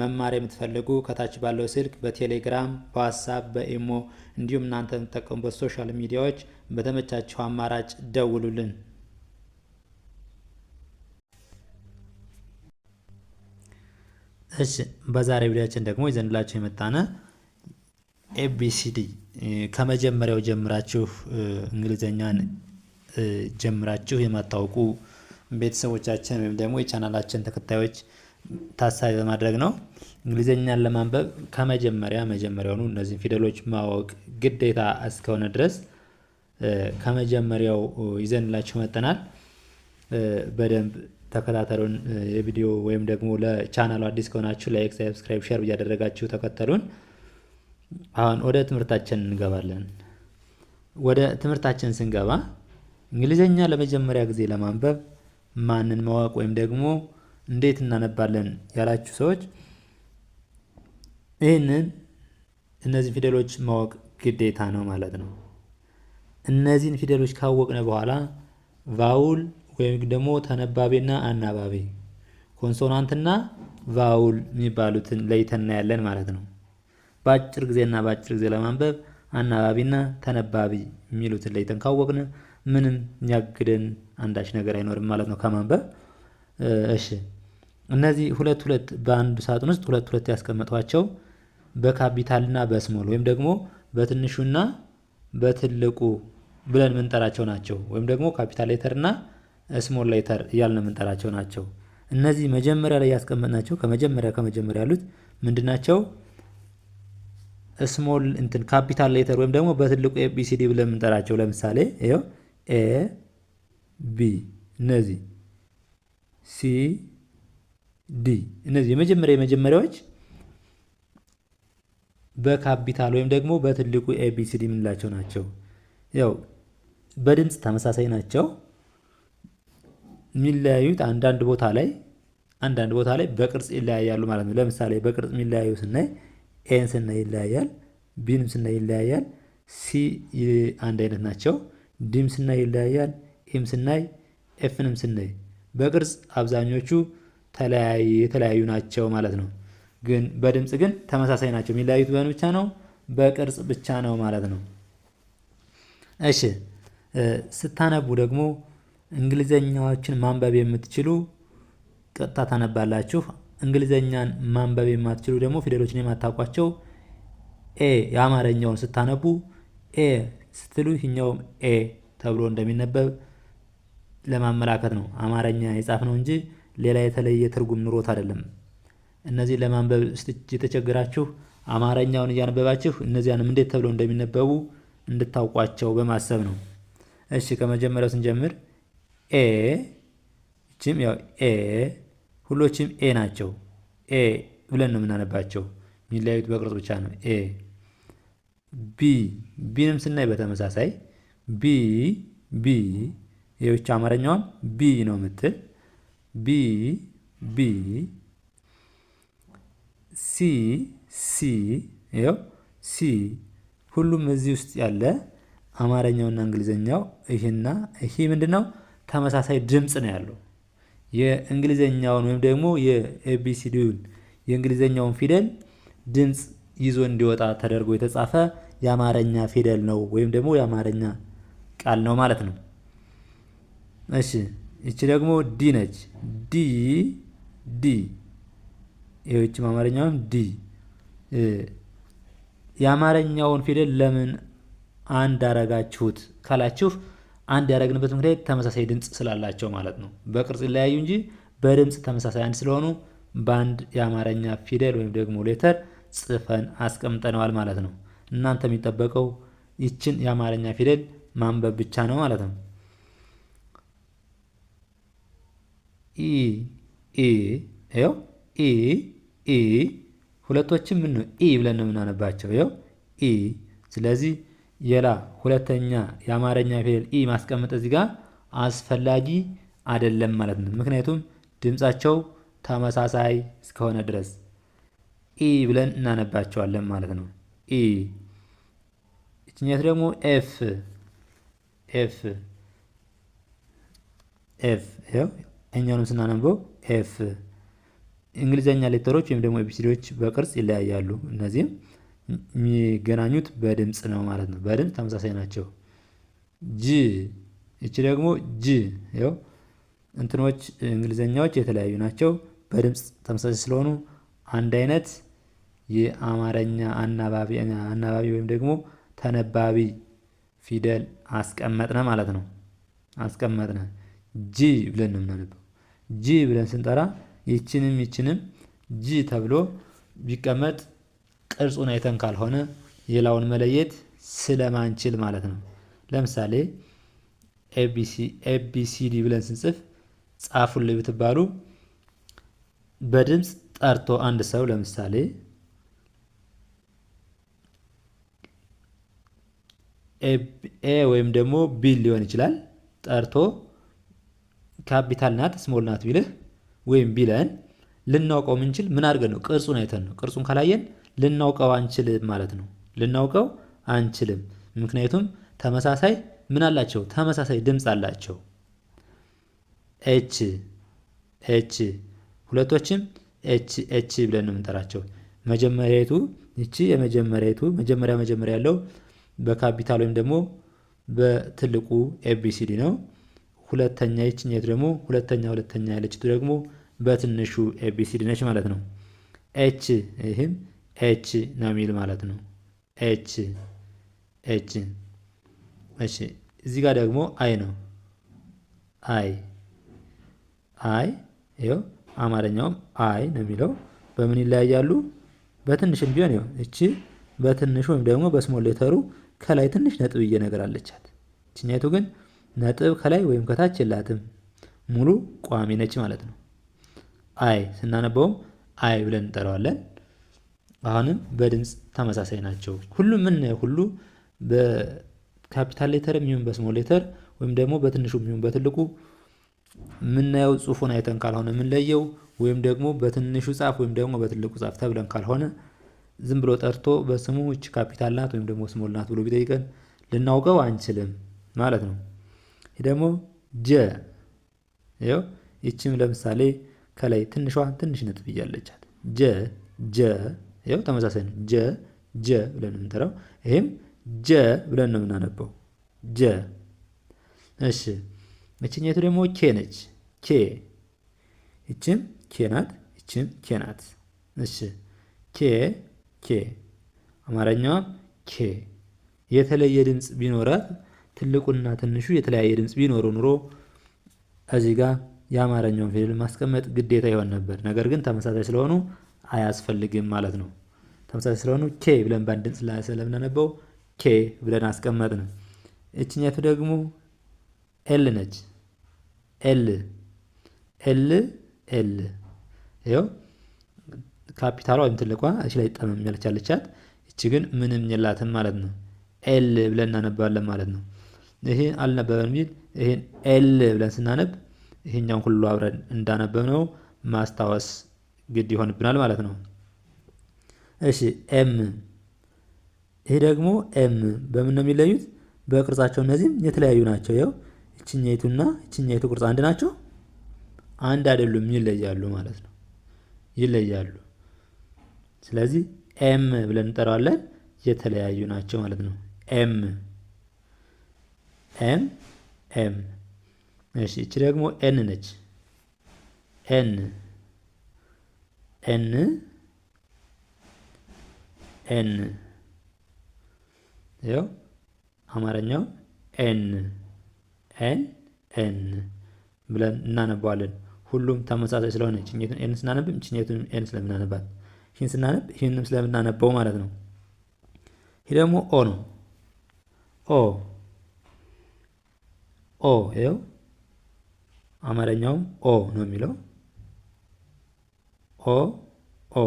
መማር የምትፈልጉ ከታች ባለው ስልክ በቴሌግራም በዋትሳፕ በኢሞ እንዲሁም እናንተ የምትጠቀሙበት ሶሻል ሚዲያዎች በተመቻቸው አማራጭ ደውሉልን። እሺ በዛሬ ቪዲዮችን ደግሞ ይዘንላችሁ የመጣነ ኤቢሲዲ ከመጀመሪያው ጀምራችሁ እንግሊዝኛን ጀምራችሁ የማታውቁ ቤተሰቦቻችን ወይም ደግሞ የቻናላችን ተከታዮች ታሳቢ በማድረግ ነው። እንግሊዝኛን ለማንበብ ከመጀመሪያ መጀመሪያውኑ እነዚህን ፊደሎች ማወቅ ግዴታ እስከሆነ ድረስ ከመጀመሪያው ይዘንላችሁ መጠናል። በደንብ ተከታተሉን። የቪዲዮ ወይም ደግሞ ለቻናሉ አዲስ ከሆናችሁ ላይክ፣ ሳብስክራይብ፣ ሼር እያደረጋችሁ ተከተሉን። አሁን ወደ ትምህርታችን እንገባለን። ወደ ትምህርታችን ስንገባ እንግሊዘኛ ለመጀመሪያ ጊዜ ለማንበብ ማንን ማወቅ ወይም ደግሞ እንዴት እናነባለን ያላችሁ ሰዎች ይህንን እነዚህን ፊደሎች ማወቅ ግዴታ ነው ማለት ነው። እነዚህን ፊደሎች ካወቅነ በኋላ ቫውል ወይም ደግሞ ተነባቤና አናባቢ ኮንሶናንትና ቫውል የሚባሉትን ለይተና ያለን ማለት ነው። በአጭር ጊዜና በአጭር ጊዜ ለማንበብ አናባቢና ተነባቢ የሚሉትን ለይተን ካወቅነ ምንም የሚያግደን አንዳች ነገር አይኖርም ማለት ነው ከማንበብ እሺ። እነዚህ ሁለት ሁለት በአንድ ሳጥን ውስጥ ሁለት ሁለት ያስቀመጧቸው በካፒታልና በስሞል ወይም ደግሞ በትንሹና በትልቁ ብለን የምንጠራቸው ናቸው። ወይም ደግሞ ካፒታል ሌተርና ስሞል ሌተር እያልን የምንጠራቸው ናቸው። እነዚህ መጀመሪያ ላይ ያስቀመጥናቸው ከመጀመሪያ ከመጀመሪያ ያሉት ናቸው? ስሞል እንትን ካፒታል ሌተር ወይም ደግሞ በትልቁ ኤቢሲዲ ብለን የምንጠራቸው ለምሳሌ ይኸው ኤ ቢ እነዚህ ሲ ዲ እነዚህ የመጀመሪያ የመጀመሪያዎች በካፒታል ወይም ደግሞ በትልቁ ኤቢሲዲ የምንላቸው ናቸው። ያው በድምፅ ተመሳሳይ ናቸው። የሚለያዩት አንዳንድ ቦታ ላይ አንዳንድ ቦታ ላይ በቅርጽ ይለያያሉ ማለት ነው። ለምሳሌ በቅርጽ የሚለያዩ ስናይ ኤን ስናይ ይለያያል፣ ቢንም ስናይ ይለያያል፣ ሲ አንድ አይነት ናቸው። ዲም ስናይ ይለያያል፣ ኤም ስናይ፣ ኤፍንም ስናይ በቅርጽ አብዛኞቹ ተለያዩ የተለያዩ ናቸው ማለት ነው። ግን በድምፅ ግን ተመሳሳይ ናቸው። የሚለያዩት በምን ብቻ ነው? በቅርጽ ብቻ ነው ማለት ነው። እሺ ስታነቡ ደግሞ እንግሊዘኛዎችን ማንበብ የምትችሉ ቀጥታ ታነባላችሁ። እንግሊዘኛን ማንበብ የማትችሉ ደግሞ ፊደሎችን የማታውቋቸው ኤ የአማርኛውን ስታነቡ ኤ ስትሉ ይህኛውም ኤ ተብሎ እንደሚነበብ ለማመላከት ነው። አማርኛ የጻፍ ነው እንጂ ሌላ የተለየ ትርጉም ኑሮት አይደለም። እነዚህ ለማንበብ የተቸገራችሁ አማርኛውን እያነበባችሁ እነዚያንም እንዴት ተብለው እንደሚነበቡ እንድታውቋቸው በማሰብ ነው። እሺ ከመጀመሪያው ስንጀምር ኤ ይችም ያው ኤ ሁሎችም ኤ ናቸው። ኤ ብለን ነው የምናነባቸው። የሚለያዩት በቅርጽ ብቻ ነው። ኤ ቢ ቢንም ስናይ በተመሳሳይ ቢ ቢ የብቻ አማርኛውም ቢ ነው የምትል B B C C ይኸው ሲ ሁሉም እዚህ ውስጥ ያለ አማርኛውና እንግሊዘኛው ይሄና ይሄ ምንድን ነው? ተመሳሳይ ድምፅ ነው ያለው። የእንግሊዘኛውን ወይም ደግሞ የኤቢሲዲውን የእንግሊዘኛውን ፊደል ድምፅ ይዞ እንዲወጣ ተደርጎ የተጻፈ የአማርኛ ፊደል ነው ወይም ደግሞ የአማርኛ ቃል ነው ማለት ነው። እሺ እቺ ደግሞ ዲ ነች። ዲ ዲ ይህችም አማርኛውም ዲ። የአማርኛውን ፊደል ለምን አንድ አረጋችሁት ካላችሁ አንድ ያደረግንበት ምክንያት ተመሳሳይ ድምፅ ስላላቸው ማለት ነው። በቅርጽ ይለያዩ እንጂ በድምፅ ተመሳሳይ አንድ ስለሆኑ በአንድ የአማርኛ ፊደል ወይም ደግሞ ሌተር ጽፈን አስቀምጠነዋል ማለት ነው። እናንተ የሚጠበቀው ይችን የአማርኛ ፊደል ማንበብ ብቻ ነው ማለት ነው። ኢ ኢ ይኸው ኢ ኢ ሁለቶችም ምን ነው ኢ ብለን ነው የምናነባቸው። ይኸው ኢ። ስለዚህ የላ ሁለተኛ የአማርኛ ፊደል ኢ ማስቀመጥ እዚህ ጋር አስፈላጊ አይደለም ማለት ነው። ምክንያቱም ድምፃቸው ተመሳሳይ እስከሆነ ድረስ ኢ ብለን እናነባቸዋለን ማለት ነው። ኢ እችኛት ደግሞ ኤፍ ኤፍ ኤፍ እኛንም ስናነበው ኤፍ። እንግሊዝኛ ሌተሮች ወይም ደግሞ ኤቢሲዲዎች በቅርጽ ይለያያሉ። እነዚህም የሚገናኙት በድምፅ ነው ማለት ነው። በድምፅ ተመሳሳይ ናቸው። ጂ እቺ ደግሞ ጂ ው እንትኖች እንግሊዝኛዎች የተለያዩ ናቸው። በድምፅ ተመሳሳይ ስለሆኑ አንድ አይነት የአማርኛ አናባቢ አናባቢ ወይም ደግሞ ተነባቢ ፊደል አስቀመጥነ ማለት ነው። አስቀመጥነ ጂ ብለን ነው የምናነበው። ጂ ብለን ስንጠራ ይችንም ይችንም ጂ ተብሎ ቢቀመጥ ቅርጹን አይተን ካልሆነ ሌላውን መለየት ስለማንችል ማለት ነው። ለምሳሌ ኤቢሲዲ ብለን ስንጽፍ ጻፉል ብትባሉ በድምፅ ጠርቶ አንድ ሰው ለምሳሌ ኤ ወይም ደግሞ ቢ ሊሆን ይችላል ጠርቶ ካፒታል ናት ስሞል ናት ቢልህ ወይም ቢለን ልናውቀው ምንችል ምን አድርገን ነው? ቅርጹን አይተን ነው። ቅርጹን ካላየን ልናውቀው አንችልም ማለት ነው። ልናውቀው አንችልም። ምክንያቱም ተመሳሳይ ምን አላቸው? ተመሳሳይ ድምፅ አላቸው። ኤች ኤች ሁለቶችም ኤች ኤች ብለን ነው የምንጠራቸው። መጀመሪያቱ ይቺ የመጀመሪያቱ መጀመሪያ መጀመሪያ ያለው በካፒታል ወይም ደግሞ በትልቁ ኤቢሲዲ ነው። ሁለተኛ ይችኛይቱ ደግሞ ሁለተኛ ሁለተኛ ያለች ደግሞ በትንሹ ኤቢሲዲ ነች ማለት ነው። ኤች ይህም ኤች ነው የሚል ማለት ነው። ኤች ኤች እሺ። እዚህ ጋር ደግሞ አይ ነው። አይ አይ ይኸው አማርኛውም አይ ነው የሚለው በምን ይለያያሉ? በትንሽም ቢሆን ይኸው እቺ በትንሹ ወይም ደግሞ በስሞል ሌተሩ ከላይ ትንሽ ነጥብዬ ነገር አለቻት። እችኛይቱ ግን ነጥብ ከላይ ወይም ከታች የላትም። ሙሉ ቋሚ ነች ማለት ነው። አይ ስናነበውም አይ ብለን እንጠራዋለን። አሁንም በድምፅ ተመሳሳይ ናቸው። ሁሉም የምናየው ሁሉ በካፒታል ሌተር የሚሆን በስሞል ሌተር ወይም ደግሞ በትንሹ የሚሆን በትልቁ የምናየው ጽሑፉን አይተን ካልሆነ የምንለየው ወይም ደግሞ በትንሹ ጻፍ ወይም ደግሞ በትልቁ ጻፍ ተብለን ካልሆነ ዝም ብሎ ጠርቶ በስሙ እች ካፒታል ናት ወይም ደግሞ ስሞል ናት ብሎ ቢጠይቀን ልናውቀው አንችልም ማለት ነው። ደግሞ ጀ ይኸው ይችም ለምሳሌ ከላይ ትንሿ ትንሽ ነጥብ እያለቻት ጀ ጀ ይኸው ተመሳሳይ ነው። ጀ ጀ ብለን የምንጠራው ይህም ጀ ብለን ነው የምናነበው። ጀ እሺ፣ እችኛቱ ደግሞ ኬ ነች። ኬ ይችም ኬ ናት። ይችም ኬ ናት። እሺ፣ ኬ ኬ አማርኛዋ ኬ የተለየ ድምፅ ቢኖራት ትልቁና ትንሹ የተለያየ ድምፅ ቢኖሩ ኑሮ እዚህ ጋር የአማርኛውን ፊደል ማስቀመጥ ግዴታ ይሆን ነበር። ነገር ግን ተመሳሳይ ስለሆኑ አያስፈልግም ማለት ነው። ተመሳሳይ ስለሆኑ ኬ ብለን በአንድ ድምፅ ስለምናነበው ኬ ብለን አስቀመጥን። እችኛቱ ደግሞ ኤል ነች። ኤል ኤል ኤል ይኸው ካፒታሏ ወይም ትልቋ እች ላይ ጠመም ያልቻለቻት እች ግን ምንም የላትም ማለት ነው። ኤል ብለን እናነባለን ማለት ነው። ይሄ አልነበበን የሚል ይሄን ኤል ብለን ስናነብ ይሄኛውን ሁሉ አብረን እንዳነበብነው ማስታወስ ግድ ይሆንብናል ማለት ነው። እሺ ኤም ይሄ ደግሞ ኤም በምን ነው የሚለዩት? በቅርጻቸው እነዚህም የተለያዩ ናቸው። ያው እችኛይቱና ይችኛይቱ ቅርጽ አንድ ናቸው፣ አንድ አይደሉም፣ ይለያሉ ማለት ነው። ይለያሉ። ስለዚህ ኤም ብለን እንጠራዋለን። የተለያዩ ናቸው ማለት ነው። ኤም ኤም ኤም። እሺ እቺ ደግሞ ኤን ነች። ኤን ኤን ኤን ያው አማርኛው ኤን ኤን ኤን ብለን እናነባዋለን። ሁሉም ተመሳሳይ ስለሆነ ችኘቱን ኤን ስናነብም ችኘቱን ኤን ስለምናነባት ይህን ስናነብ ይህንም ስለምናነበው ማለት ነው። ይህ ደግሞ ኦ ነው። ኦ ኦ ይኸው አማርኛውም ኦ ነው የሚለው ኦ ኦ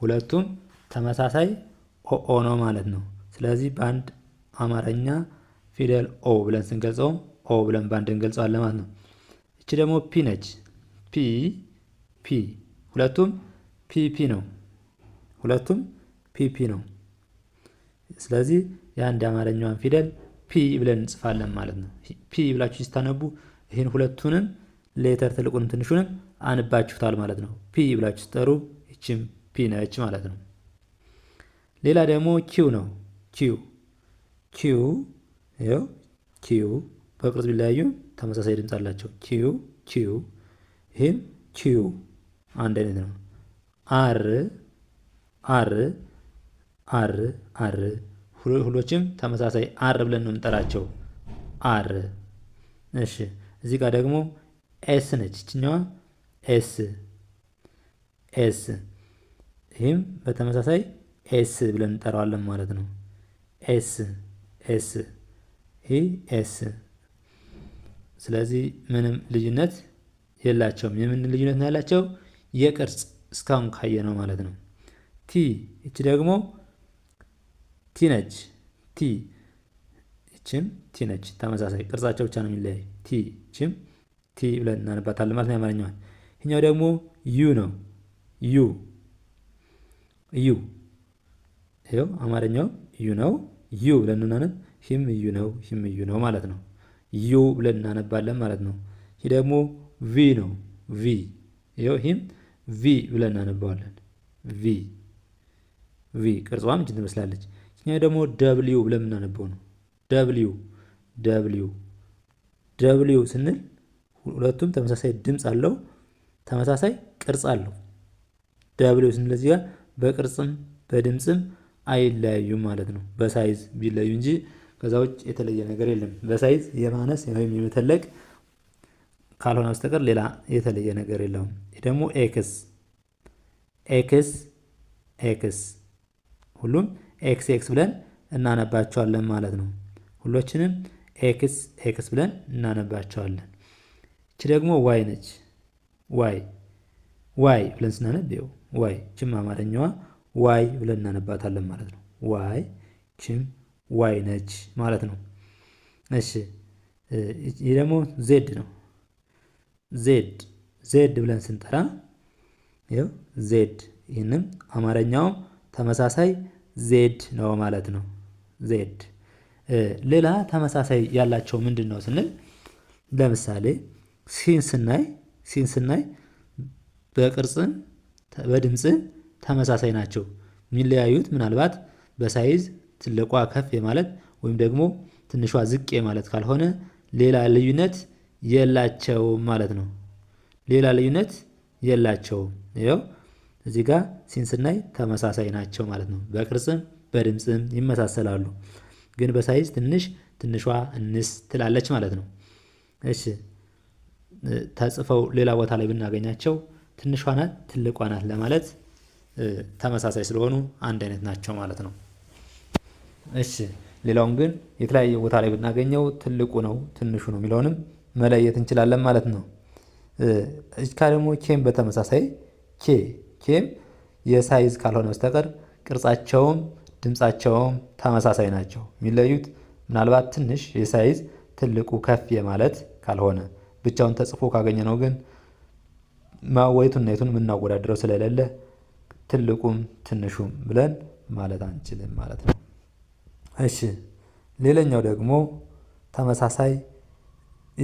ሁለቱም ተመሳሳይ ኦ ኦ ነው ማለት ነው። ስለዚህ በአንድ አማርኛ ፊደል ኦ ብለን ስንገልጸው ኦ ብለን በአንድ እንገልጸዋለን ማለት ነው። እቺ ደግሞ ፒ ነች። ፒ ፒ ሁለቱም ፒፒ ነው። ሁለቱም ፒ ነው። ስለዚህ የአንድ አማርኛዋን ፊደል ፒ ብለን እንጽፋለን ማለት ነው። ፒ ብላችሁ ስታነቡ ይህን ሁለቱንም ሌተር ትልቁንም ትንሹንም አንባችሁታል ማለት ነው። ፒ ብላችሁ ስጠሩ ይችም ፒ ነች ማለት ነው። ሌላ ደግሞ ኪው ነው። ኪው ኪው ይኸው ኪው በቅርጽ ቢለያዩ ተመሳሳይ ድምፅ አላቸው። ኪው ኪው ይህም ኪው አንድ አይነት ነው። አር አር አር አር ሁሎችም ተመሳሳይ አር ብለን ነው የምንጠራቸው። አር እሺ። እዚህ ጋር ደግሞ ኤስ ነች ይችኛዋ ኤስ ኤስ። ይህም በተመሳሳይ ኤስ ብለን እንጠራዋለን ማለት ነው። ኤስ ኤስ ይህ ኤስ። ስለዚህ ምንም ልዩነት የላቸውም። የምን ልዩነት ነው ያላቸው? የቅርጽ እስካሁን ካየ ነው ማለት ነው። ቲ እቺ ደግሞ ቲ ነች ቲ ችም ቲ ነች። ተመሳሳይ ቅርጻቸው ብቻ ነው የሚለያይ። ቲ ችም ቲ ብለን እናነባታለን ማለት ነው ያማርኛዋል። ይህኛው ደግሞ ዩ ነው። ዩ ዩ ይኸው አማርኛው ዩ ነው። ዩ ብለን እናነብ። ይህም ዩ ነው። ሂም ዩ ነው ማለት ነው። ዩ ብለን እናነባለን ማለት ነው። ይህ ደግሞ ቪ ነው። ቪ ይኸው ሂም ቪ ብለን እናነባዋለን። ቪ ቪ ቅርጿም እጅ ትመስላለች። ይሄ ደግሞ ደብሊው ብለን የምናነበው ነው። ደብሊው ደብሊው ደብሊው ስንል ሁለቱም ተመሳሳይ ድምፅ አለው፣ ተመሳሳይ ቅርጽ አለው። ደብሊው ስንል እዚህ ጋር በቅርጽም በድምፅም አይለያዩም ማለት ነው። በሳይዝ ቢለዩ እንጂ ከዛ ውጭ የተለየ ነገር የለም። በሳይዝ የማነስ ወይም የመተለቅ ካልሆነ በስተቀር ሌላ የተለየ ነገር የለውም። ይህ ደግሞ ኤክስ ኤክስ ኤክስ ሁሉም ኤክስ ኤክስ ብለን እናነባቸዋለን ማለት ነው። ሁሎችንም ኤክስ ኤክስ ብለን እናነባቸዋለን። እቺ ደግሞ ዋይ ነች። ዋይ ዋይ ብለን ስናነብ ው ዋይ ችም አማርኛዋ ዋይ ብለን እናነባታለን ማለት ነው። ዋይ ችም ዋይ ነች ማለት ነው። እሺ ይህ ደግሞ ዜድ ነው። ዜድ ዜድ ብለን ስንጠራ ው ዜድ ይህንም አማርኛውም ተመሳሳይ ዜድ ነው ማለት ነው። ዜድ ሌላ ተመሳሳይ ያላቸው ምንድን ነው ስንል ለምሳሌ ሲን ስናይ ሲን ስናይ በቅርጽም በድምፅም ተመሳሳይ ናቸው። የሚለያዩት ምናልባት በሳይዝ ትልቋ ከፍ የማለት ወይም ደግሞ ትንሿ ዝቅ የማለት ካልሆነ ሌላ ልዩነት የላቸውም ማለት ነው። ሌላ ልዩነት የላቸውም ይኸው እዚህ ጋር ሲን ስናይ ተመሳሳይ ናቸው ማለት ነው። በቅርጽም በድምፅም ይመሳሰላሉ፣ ግን በሳይዝ ትንሽ ትንሿ እንስ ትላለች ማለት ነው። እሺ ተጽፈው ሌላ ቦታ ላይ ብናገኛቸው ትንሿ ናት፣ ትልቋ ናት ለማለት ተመሳሳይ ስለሆኑ አንድ አይነት ናቸው ማለት ነው። እሺ ሌላውን ግን የተለያየ ቦታ ላይ ብናገኘው ትልቁ ነው ትንሹ ነው የሚለውንም መለየት እንችላለን ማለት ነው። እጅ ደግሞ ኬን በተመሳሳይ ኬ ኬም የሳይዝ ካልሆነ በስተቀር ቅርጻቸውም ድምፃቸውም ተመሳሳይ ናቸው። የሚለዩት ምናልባት ትንሽ የሳይዝ ትልቁ ከፍ የማለት ካልሆነ ብቻውን ተጽፎ ካገኘ ነው። ግን ማወይቱን ነይቱን የምናወዳድረው ስለሌለ ትልቁም ትንሹም ብለን ማለት አንችልም ማለት ነው። እሺ ሌላኛው ደግሞ ተመሳሳይ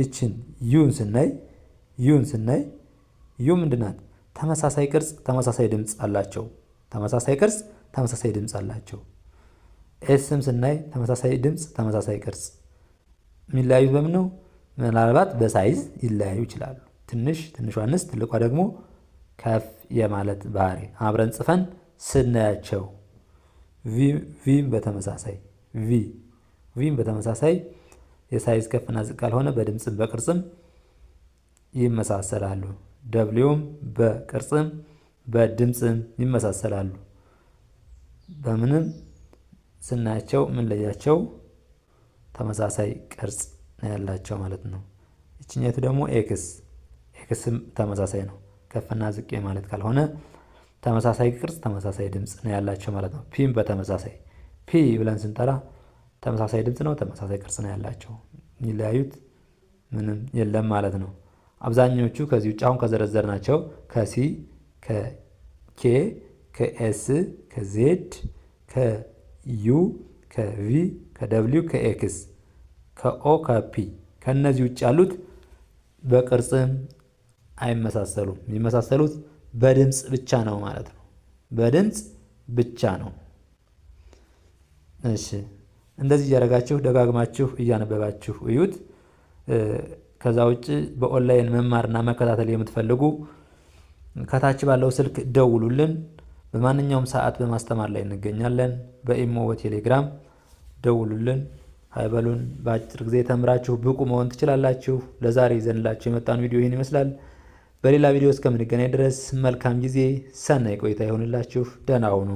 ይችን ዩን ስናይ ዩን ስናይ ዩ ምንድናት? ተመሳሳይ ቅርጽ ተመሳሳይ ድምፅ አላቸው። ተመሳሳይ ቅርጽ ተመሳሳይ ድምፅ አላቸው። ኤስም ስናይ ተመሳሳይ ድምፅ ተመሳሳይ ቅርጽ የሚለያዩ በምን ነው? ምናልባት በሳይዝ ይለያዩ ይችላሉ። ትንሽ ትንሿ ንስ ትልቋ ደግሞ ከፍ የማለት ባህሪ አብረን ጽፈን ስናያቸው ቪም በተመሳሳይ ቪ ቪም በተመሳሳይ የሳይዝ ከፍና ዝቅ ካልሆነ በድምፅም በቅርጽም ይመሳሰላሉ። ደብሊውም በቅርጽም በድምፅም ይመሳሰላሉ። በምንም ስናያቸው ምንለያቸው ተመሳሳይ ቅርጽ ነው ያላቸው ማለት ነው። ይችኛቱ ደግሞ ኤክስ ኤክስም ተመሳሳይ ነው። ከፍና ዝቄ ማለት ካልሆነ ተመሳሳይ ቅርጽ፣ ተመሳሳይ ድምፅ ነው ያላቸው ማለት ነው። ፒም በተመሳሳይ ፒ ብለን ስንጠራ ተመሳሳይ ድምፅ ነው፣ ተመሳሳይ ቅርጽ ነው ያላቸው። የሚለያዩት ምንም የለም ማለት ነው። አብዛኞቹ ከዚህ ውጭ አሁን ከዘረዘር ናቸው። ከሲ ከኬ ከኤስ ከዜድ ከዩ ከቪ ከደብሊው ከኤክስ ከኦ ከፒ ከእነዚህ ውጭ ያሉት በቅርጽም አይመሳሰሉም። የሚመሳሰሉት በድምፅ ብቻ ነው ማለት ነው። በድምፅ ብቻ ነው። እሺ እንደዚህ እያደረጋችሁ ደጋግማችሁ እያነበባችሁ እዩት። ከዛ ውጭ በኦንላይን መማርና መከታተል የምትፈልጉ ከታች ባለው ስልክ ደውሉልን። በማንኛውም ሰዓት በማስተማር ላይ እንገኛለን። በኢሞ በቴሌግራም ደውሉልን፣ ሀይበሉን። በአጭር ጊዜ ተምራችሁ ብቁ መሆን ትችላላችሁ። ለዛሬ ይዘንላችሁ የመጣን ቪዲዮ ይህን ይመስላል። በሌላ ቪዲዮ እስከምንገናኝ ድረስ መልካም ጊዜ፣ ሰናይ ቆይታ ይሆንላችሁ። ደህና ሁኑ።